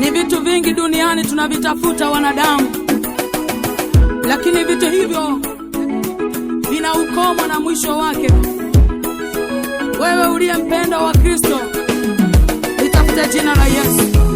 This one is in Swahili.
Ni vitu vingi duniani tunavitafuta wanadamu, lakini vitu hivyo vina ukomo na mwisho wake. Wewe uliye mpendo wa Kristo, litafute jina la Yesu.